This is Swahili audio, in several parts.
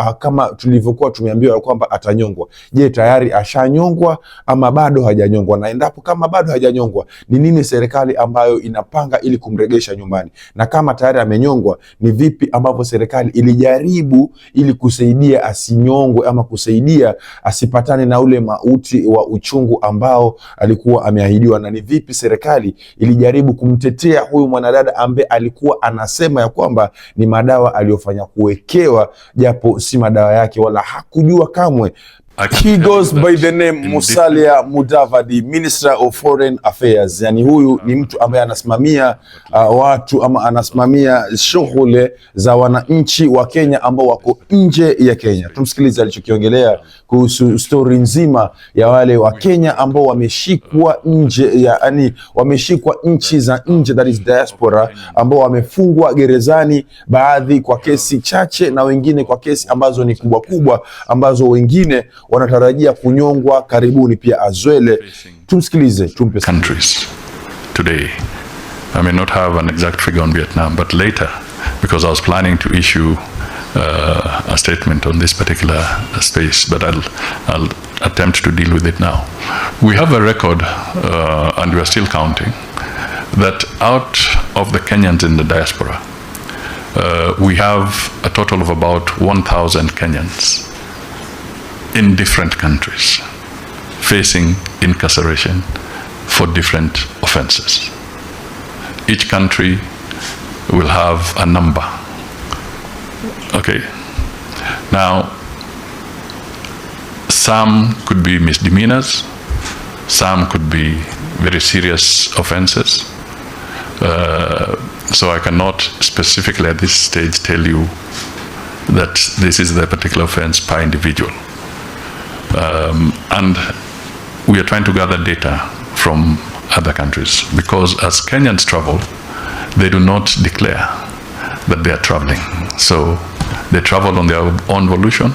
uh, kama tulivyokuwa tumeambiwa kwamba atanyongwa. Je, tayari ashanyongwa ama bado hajanyongwa? Na endapo kama bado hajanyongwa, ni nini serikali ambayo inapanga ili kumregesha nyumbani? Na kama tayari amenyongwa, ni vipi ambavyo serikali ilijaribu ili kusaidia asinyongwe ama kusaidia asipatane na ule mauti wa uchungu ambao alikuwa ameahidiwa, na ni vipi serikali ilijaribu kumtetea huyu mwanadada ambaye alikuwa anasema ya kwamba ni madawa aliyofanya kuwekewa japo si madawa yake, wala hakujua kamwe He goes by the name Musalia Mudavadi, Minister of Foreign Affairs. Yani huyu ni mtu ambaye anasimamia uh, watu ama anasimamia shughuli za wananchi wa Kenya ambao wako nje ya Kenya. Tumsikilize alichokiongelea kuhusu stori nzima ya wale wa Kenya ambao wameshikwa nje ya, yani wameshikwa nchi za nje, that is diaspora, ambao wamefungwa gerezani, baadhi kwa kesi chache na wengine kwa kesi ambazo ni kubwa kubwa ambazo wengine wanatarajia kunyongwa karibuni pia Azwele. Tumsikilize, tumpe countries today I may not have an exact figure on Vietnam but later because I was planning to issue Uh, a statement on this particular space, but I'll, I'll attempt to deal with it now. We have a record, uh, and we are still counting, that out of the Kenyans in the diaspora, uh, we have a total of about 1,000 Kenyans in different countries facing incarceration for different offenses. Each country will have a number. Okay. Now, some could be misdemeanors, some could be very serious offenses. Uh, so I cannot specifically at this stage tell you that this is the particular offense per individual. um, and we are trying to gather data from other countries because as Kenyans travel, they do not declare that they are traveling. So they travel on their own volition,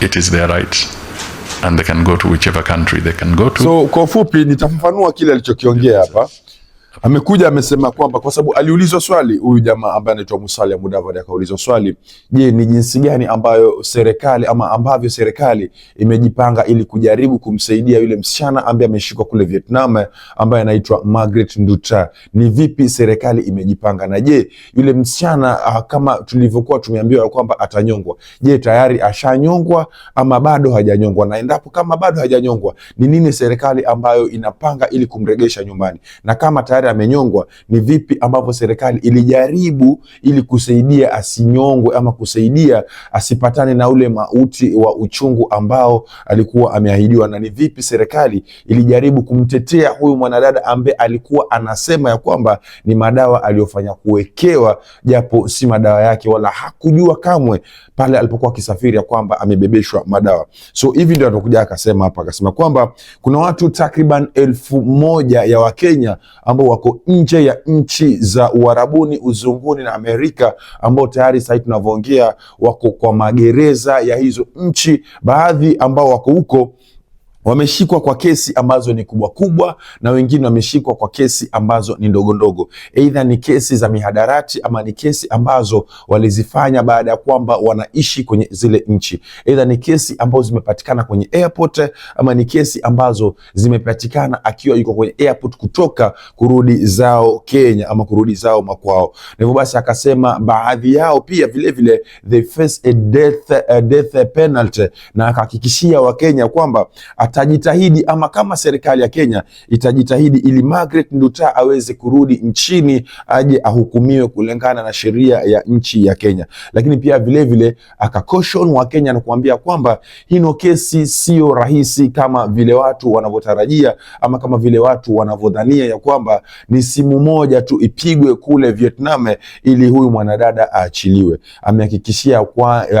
it is their right and they can go to whichever country they can go to. So kwa ufupi nitafafanua kile alichokiongea hapa amekuja amesema kwamba kwa sababu aliulizwa swali huyu jamaa ambaye anaitwa Musalia Mudavadi akaulizwa swali, je, ni jinsi gani ambayo serikali ama ambavyo serikali imejipanga ili kujaribu kumsaidia yule msichana ambaye ameshikwa kule Vietnam ambaye anaitwa Margaret Nduta. Ni vipi serikali imejipanga na je, yule msichana ah, kama tulivyokuwa tumeambiwa kwamba atanyongwa, je, tayari ashanyongwa ama bado hajanyongwa? Na endapo kama bado hajanyongwa, ni nini serikali ambayo inapanga ili kumregesha nyumbani na kama tayari amenyongwa, ni vipi ambavyo serikali ilijaribu ili kusaidia asinyongwe ama kusaidia asipatane na ule mauti wa uchungu ambao alikuwa ameahidiwa, na ni vipi serikali ilijaribu kumtetea huyu mwanadada ambaye alikuwa anasema ya kwamba ni madawa aliyofanya kuwekewa, japo si madawa yake, wala hakujua kamwe pale alipokuwa akisafiri ya kwamba amebebeshwa madawa. So hivi ndio alivyokuja akasema hapa, akasema kwamba kuna watu takriban elfu moja ya Wakenya ambao walioko nje ya nchi za Uarabuni, Uzunguni na Amerika, ambao tayari sahii tunavyoongea wako kwa magereza ya hizo nchi, baadhi ambao wako huko wameshikwa kwa kesi ambazo ni kubwa kubwa na wengine wameshikwa kwa kesi ambazo ni ndogo ndogo, aidha ni kesi za mihadarati ama ni kesi ambazo walizifanya baada ya kwamba wanaishi kwenye zile nchi, aidha ni kesi ambazo zimepatikana kwenye airport ama ni kesi ambazo zimepatikana akiwa yuko kwenye airport kutoka kurudi zao Kenya ama kurudi zao makwao. Na hivyo basi akasema baadhi yao pia vilevile they face a death, a death penalty, na akahakikishia Wakenya kwamba atajitahidi ama kama serikali ya Kenya itajitahidi ili Margaret Nduta aweze kurudi nchini aje ahukumiwe kulingana na sheria ya nchi ya Kenya. Lakini pia vilevile akakoshon wa Kenya na kuambia kwamba hino kesi sio rahisi kama vile watu wanavyotarajia ama kama vile watu wanavyodhania ya kwamba ni simu moja tu ipigwe kule Vietnam ili huyu mwanadada aachiliwe. Amehakikishia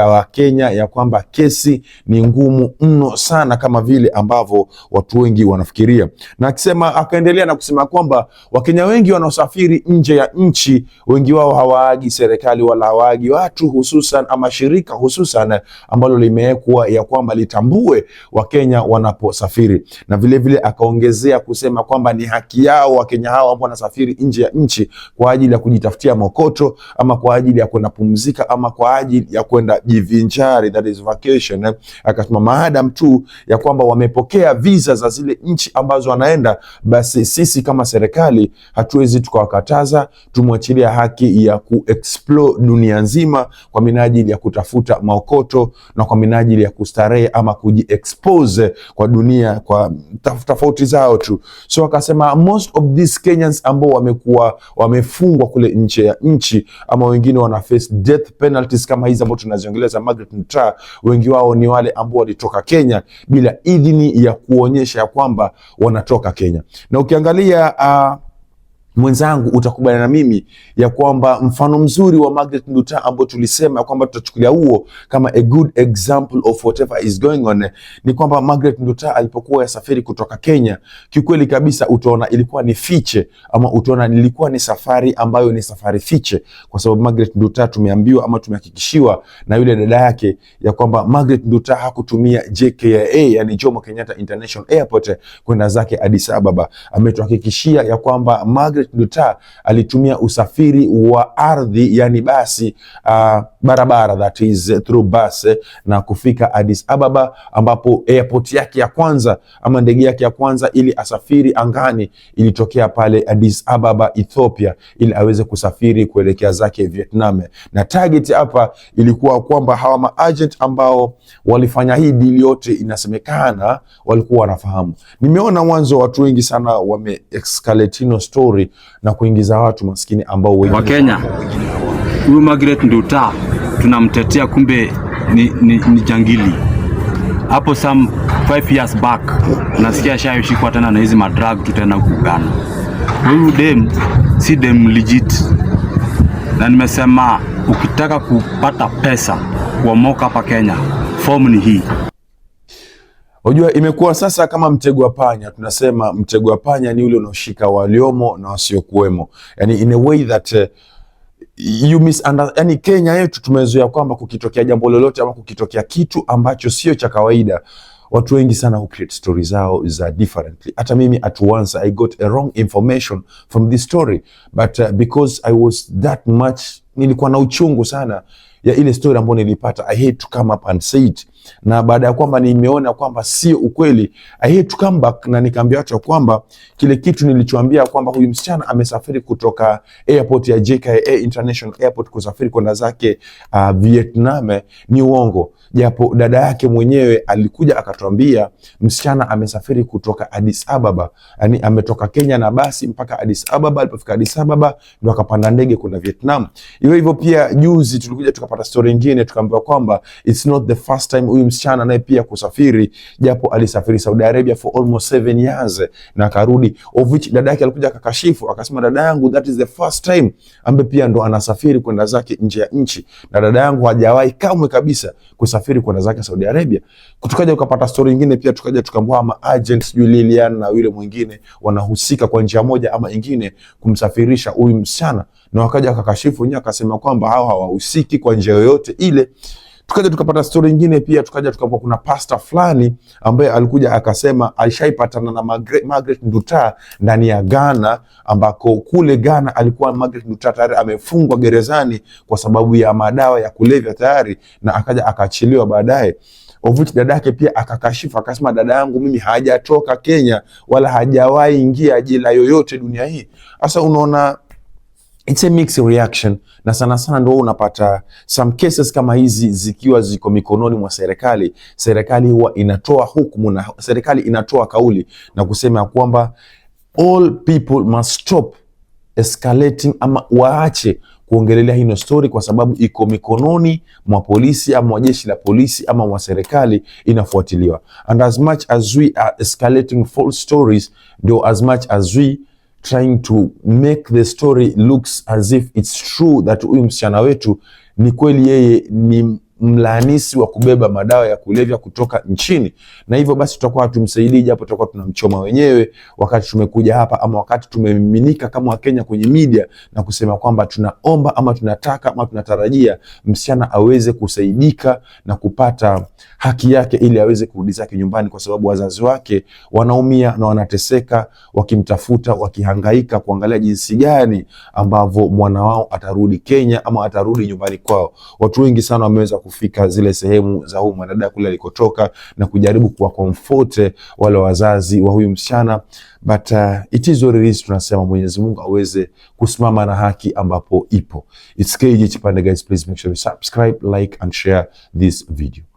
Wakenya ya kwamba kesi ni ngumu mno sana kama vile ambavyo watu wengi wanafikiria. Na akisema akaendelea na kusema kwamba Wakenya wengi wanaosafiri nje ya nchi, wengi wao hawaagi serikali wala hawaagi watu hususan, ama shirika hususan ambalo limewekwa ya kwamba litambue Wakenya wanaposafiri, na vilevile vile akaongezea kusema kwamba ni haki yao Wakenya hao ambao wanasafiri nje ya nchi kwa ajili ya kujitafutia mokoto ama kwa ajili ya kwenda pumzika ama kwa ajili ya kwenda jivinjari, that is vacation. Akasema maadam tu ya kwamba wame amepokea visa za zile nchi ambazo anaenda, basi sisi kama serikali hatuwezi tukawakataza, tumwachilia haki ya kuexplore dunia nzima kwa minajili ya kutafuta maokoto na kwa minajili ya kustarehe ama kujiexpose kwa dunia kwa tofauti zao tu. So akasema most of these Kenyans ambao wamekuwa wamefungwa kule nje ya nchi ama wengine wana face death penalties kama hizi ambao tunaziongelea za Margaret Ntra, wengi wao ni wale ambao walitoka Kenya bila idhini ya kuonyesha ya kwamba wanatoka Kenya na ukiangalia uh, mwenzangu utakubaliana mimi ya kwamba mfano mzuri wa Margaret Nduta ambao tulisema ya kwamba tutachukulia huo kama a good example of whatever is going on, ni kwamba Margaret Nduta alipokuwa ya safari kutoka Kenya, kiukweli kabisa utaona ilikuwa ni fiche, ama utaona ilikuwa ni safari ambayo ni safari fiche, kwa sababu Margaret Nduta tumeambiwa ama tumehakikishiwa na yule dada yake ya kwamba Margaret Nduta hakutumia JKIA, yani Jomo Kenyatta International Airport kwenda zake Addis Ababa. Ametuhakikishia ya kwamba Margaret Margaret Duta alitumia usafiri wa ardhi, yani basi, uh, barabara that is through bus, na kufika Addis Ababa ambapo airport yake ya kwanza ama ndege yake ya kwanza ili asafiri angani ilitokea pale Addis Ababa Ethiopia, ili aweze kusafiri kuelekea zake Vietnam. Na target hapa ilikuwa kwamba hawa maagent ambao walifanya hii deal yote, inasemekana walikuwa wanafahamu. Nimeona mwanzo watu wengi sana wame escalate story na kuingiza watu maskini ambao wengi wa Kenya. Huyu Margaret Nduta tunamtetea, kumbe ni, ni, ni jangili hapo. Some five years back nasikia shashikwa tena na hizi madrag tu tena kugana. Huyu dem si dem legit, na nimesema ukitaka kupata pesa kuomoka hapa Kenya, fomu ni hii. Unajua, imekuwa sasa kama mtego wa panya. Tunasema mtego wa panya ni ule unaoshika waliomo na wasiokuwemo, yani in a way that uh, you misunderstand. Yani Kenya yetu tumezoea kwamba kukitokea jambo lolote ama kukitokea kitu ambacho sio cha kawaida watu wengi sana who create stories zao za uh, differently. Hata mimi at once I got a wrong information from this story but uh, because I was that much nilikuwa na uchungu sana ya ile story ambayo nilipata. I hate to come up and say it, na baada ya kwamba nimeona kwamba sio ukweli, I hate to come back, na nikaambia watu kwamba kile kitu nilichoambia kwamba huyu msichana amesafiri kutoka airport ya JKA International Airport kusafiri kwenda zake uh, Vietnam ni uongo, japo dada yake mwenyewe alikuja akatuambia msichana amesafiri kutoka Addis Ababa, yani ametoka Kenya na basi mpaka Addis Ababa. Alipofika Addis Ababa ndo akapanda ndege kwenda Vietnam. Hivyo hivyo pia juzi tulikuja tukapata stori nyingine tukaambiwa kwamba it's not the first time huyu msichana naye pia kusafiri, japo alisafiri Saudi Arabia for almost seven years na akarudi, of which dada yake alikuja akakashifu akasema, dada yangu that is the first time ambaye pia ndo anasafiri kwenda zake nje ya nchi, na dada yangu hajawahi kamwe kabisa kusafiri kwenda zake Saudi Arabia. Tukaja ukapata stori nyingine pia, tukaja tukaambua maagent sijui Lilian na yule mwingine wanahusika kwa njia moja ama ingine kumsafirisha huyu msichana, na wakaja wakakashifu wenyewe, akasema kwamba hao hawahusiki kwa njia yoyote ile. Tukaja tukapata stori ingine pia, tukaja tukakuwa kuna pasta fulani ambaye alikuja akasema alishaipatana na Margaret Nduta ndani ya Ghana, ambako kule Ghana alikuwa Margaret Nduta tayari amefungwa gerezani kwa sababu ya madawa ya kulevya tayari, na akaja akaachiliwa baadaye. Ovuti dada yake pia akakashifa akasema, dada yangu mimi hajatoka Kenya wala hajawahi ingia jela yoyote dunia hii. Sasa unaona It's a mixed reaction na sana sana ndio unapata some cases kama hizi zikiwa ziko mikononi mwa serikali. Serikali huwa inatoa hukumu na serikali inatoa kauli na kusema kwamba all people must stop escalating, ama waache kuongelelea hino story kwa sababu iko mikononi mwa polisi ama jeshi la polisi ama mwa serikali inafuatiliwa, and as much as we are escalating false stories, ndio as much as we trying to make the story looks as if it's true that huyu msichana wetu ni kweli yeye ni mlaanisi wa kubeba madawa ya kulevya kutoka nchini, na hivyo basi tutakuwa hatumsaidii, japo tutakuwa tunamchoma wenyewe wakati tumekuja hapa ama wakati tumemiminika kama Wakenya kwenye media na kusema kwamba tunaomba ama tunataka ama tunatarajia msichana aweze kusaidika na kupata haki yake ili aweze kurudi zake nyumbani, kwa sababu wazazi wake wanaumia na wanateseka wakimtafuta, wakihangaika kuangalia jinsi gani ambavyo mwana wao atarudi Kenya ama atarudi nyumbani kwao. Watu wengi sana wameweza kufika zile sehemu za huyu mwanadada kule alikotoka na kujaribu kuwa comfort wale wazazi wa huyu msichana, but uh, it is what it is. Tunasema Mwenyezi Mungu aweze kusimama na haki ambapo ipo. It's KG Chipande guys, please make sure you subscribe, like and share this video.